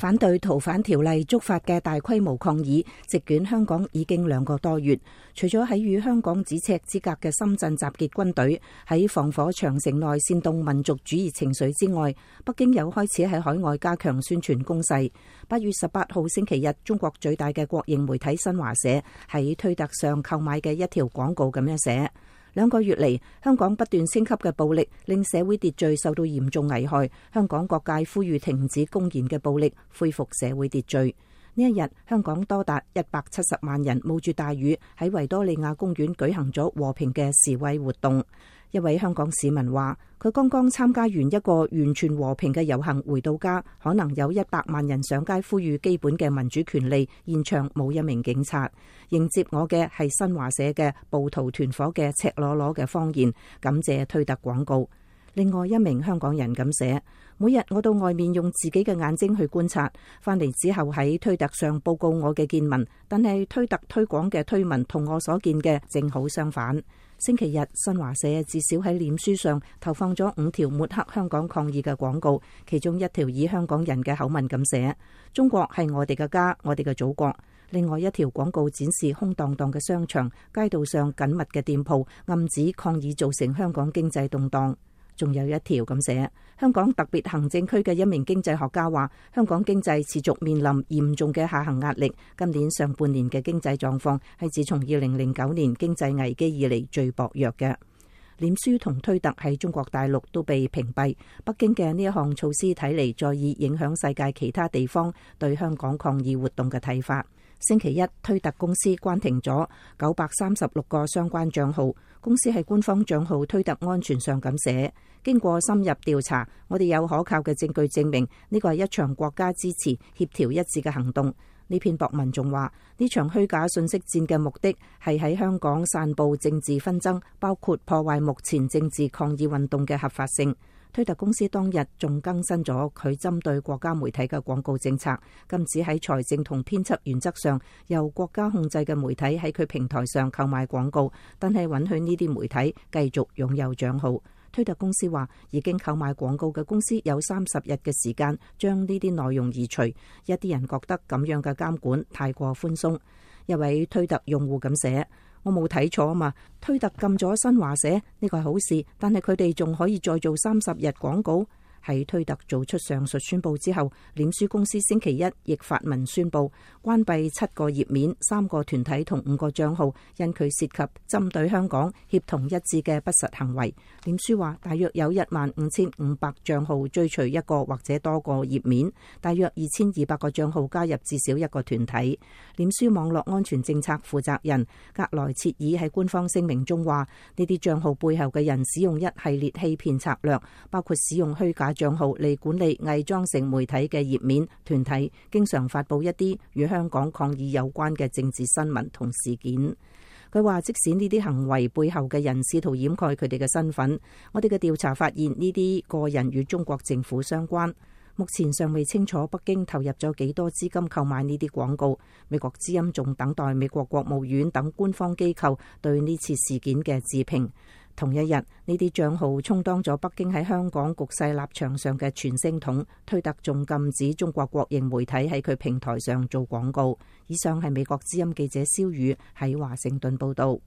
反對逃犯條例觸發嘅大規模抗議席捲香港已經兩個多月，除咗喺與香港咫尺之隔嘅深圳集結軍隊，喺防火長城內煽動民族主義情緒之外，北京又開始喺海外加強宣傳攻勢。八月十八號星期日，中國最大嘅國營媒體新華社喺推特上購買嘅一條廣告咁樣寫。兩個月嚟，香港不斷升級嘅暴力，令社會秩序受到嚴重危害。香港各界呼籲停止公然嘅暴力，恢復社會秩序。呢一日，香港多達一百七十萬人冒住大雨喺維多利亞公園舉行咗和平嘅示威活動。一位香港市民話，佢剛剛參加完一個完全和平嘅遊行，回到家可能有一百萬人上街呼籲基本嘅民主權利，現場冇一名警察，迎接我嘅係新華社嘅暴徒團伙嘅赤裸裸嘅謊言。感謝推特廣告。另外一名香港人咁寫：每日我到外面用自己嘅眼睛去觀察，翻嚟之後喺推特上報告我嘅見聞，但係推特推廣嘅推文同我所見嘅正好相反。星期日，新華社至少喺臉書上投放咗五條抹黑香港抗議嘅廣告，其中一條以香港人嘅口吻咁寫：中國係我哋嘅家，我哋嘅祖國。另外一條廣告展示空蕩蕩嘅商場、街道上緊密嘅店鋪，暗指抗議造成香港經濟動蕩。仲有一條咁寫，香港特別行政區嘅一名經濟學家話：香港經濟持續面臨嚴重嘅下行壓力，今年上半年嘅經濟狀況係自從二零零九年經濟危機以嚟最薄弱嘅。臉書同推特喺中國大陸都被屏蔽，北京嘅呢一項措施睇嚟旨在影響世界其他地方對香港抗議活動嘅睇法。星期一，推特公司關停咗九百三十六個相關賬號。公司喺官方賬號推特安全上咁寫：經過深入調查，我哋有可靠嘅證據證明呢個係一場國家支持、協調一致嘅行動。呢篇博文仲話，呢場虛假信息戰嘅目的係喺香港散布政治紛爭，包括破壞目前政治抗議運動嘅合法性。推特公司當日仲更新咗佢針對國家媒體嘅廣告政策，禁止喺財政同編輯原則上由國家控制嘅媒體喺佢平台上購買廣告，但係允許呢啲媒體繼續擁有賬號。推特公司話，已經購買廣告嘅公司有三十日嘅時間將呢啲內容移除。一啲人覺得咁樣嘅監管太過寬鬆。一位推特用戶咁寫。我冇睇錯啊嘛！推特禁咗新華社呢個係好事，但係佢哋仲可以再做三十日廣告。喺推特做出上述宣布之後，臉書公司星期一亦發文宣布。關閉七個頁面、三個團體同五個賬號，因佢涉及針對香港協同一致嘅不實行為。臉書話大約有一萬五千五百賬號追隨一個或者多個頁面，大約二千二百個賬號加入至少一個團體。臉書網絡安全政策負責人格萊切爾喺官方聲明中話：呢啲賬號背後嘅人使用一系列欺騙策略，包括使用虛假賬號嚟管理偽裝成媒體嘅頁面、團體，經常發佈一啲香港抗議有關嘅政治新聞同事件，佢話即使呢啲行為背後嘅人試圖掩蓋佢哋嘅身份，我哋嘅調查發現呢啲個人與中國政府相關。目前尚未清楚北京投入咗幾多資金購買呢啲廣告。美國之音仲等待美國國務院等官方機構對呢次事件嘅置評。同一日，呢啲帳號充當咗北京喺香港局勢立場上嘅傳聲筒。推特仲禁止中國國營媒體喺佢平台上做廣告。以上係美國之音記者蕭宇喺華盛頓報道。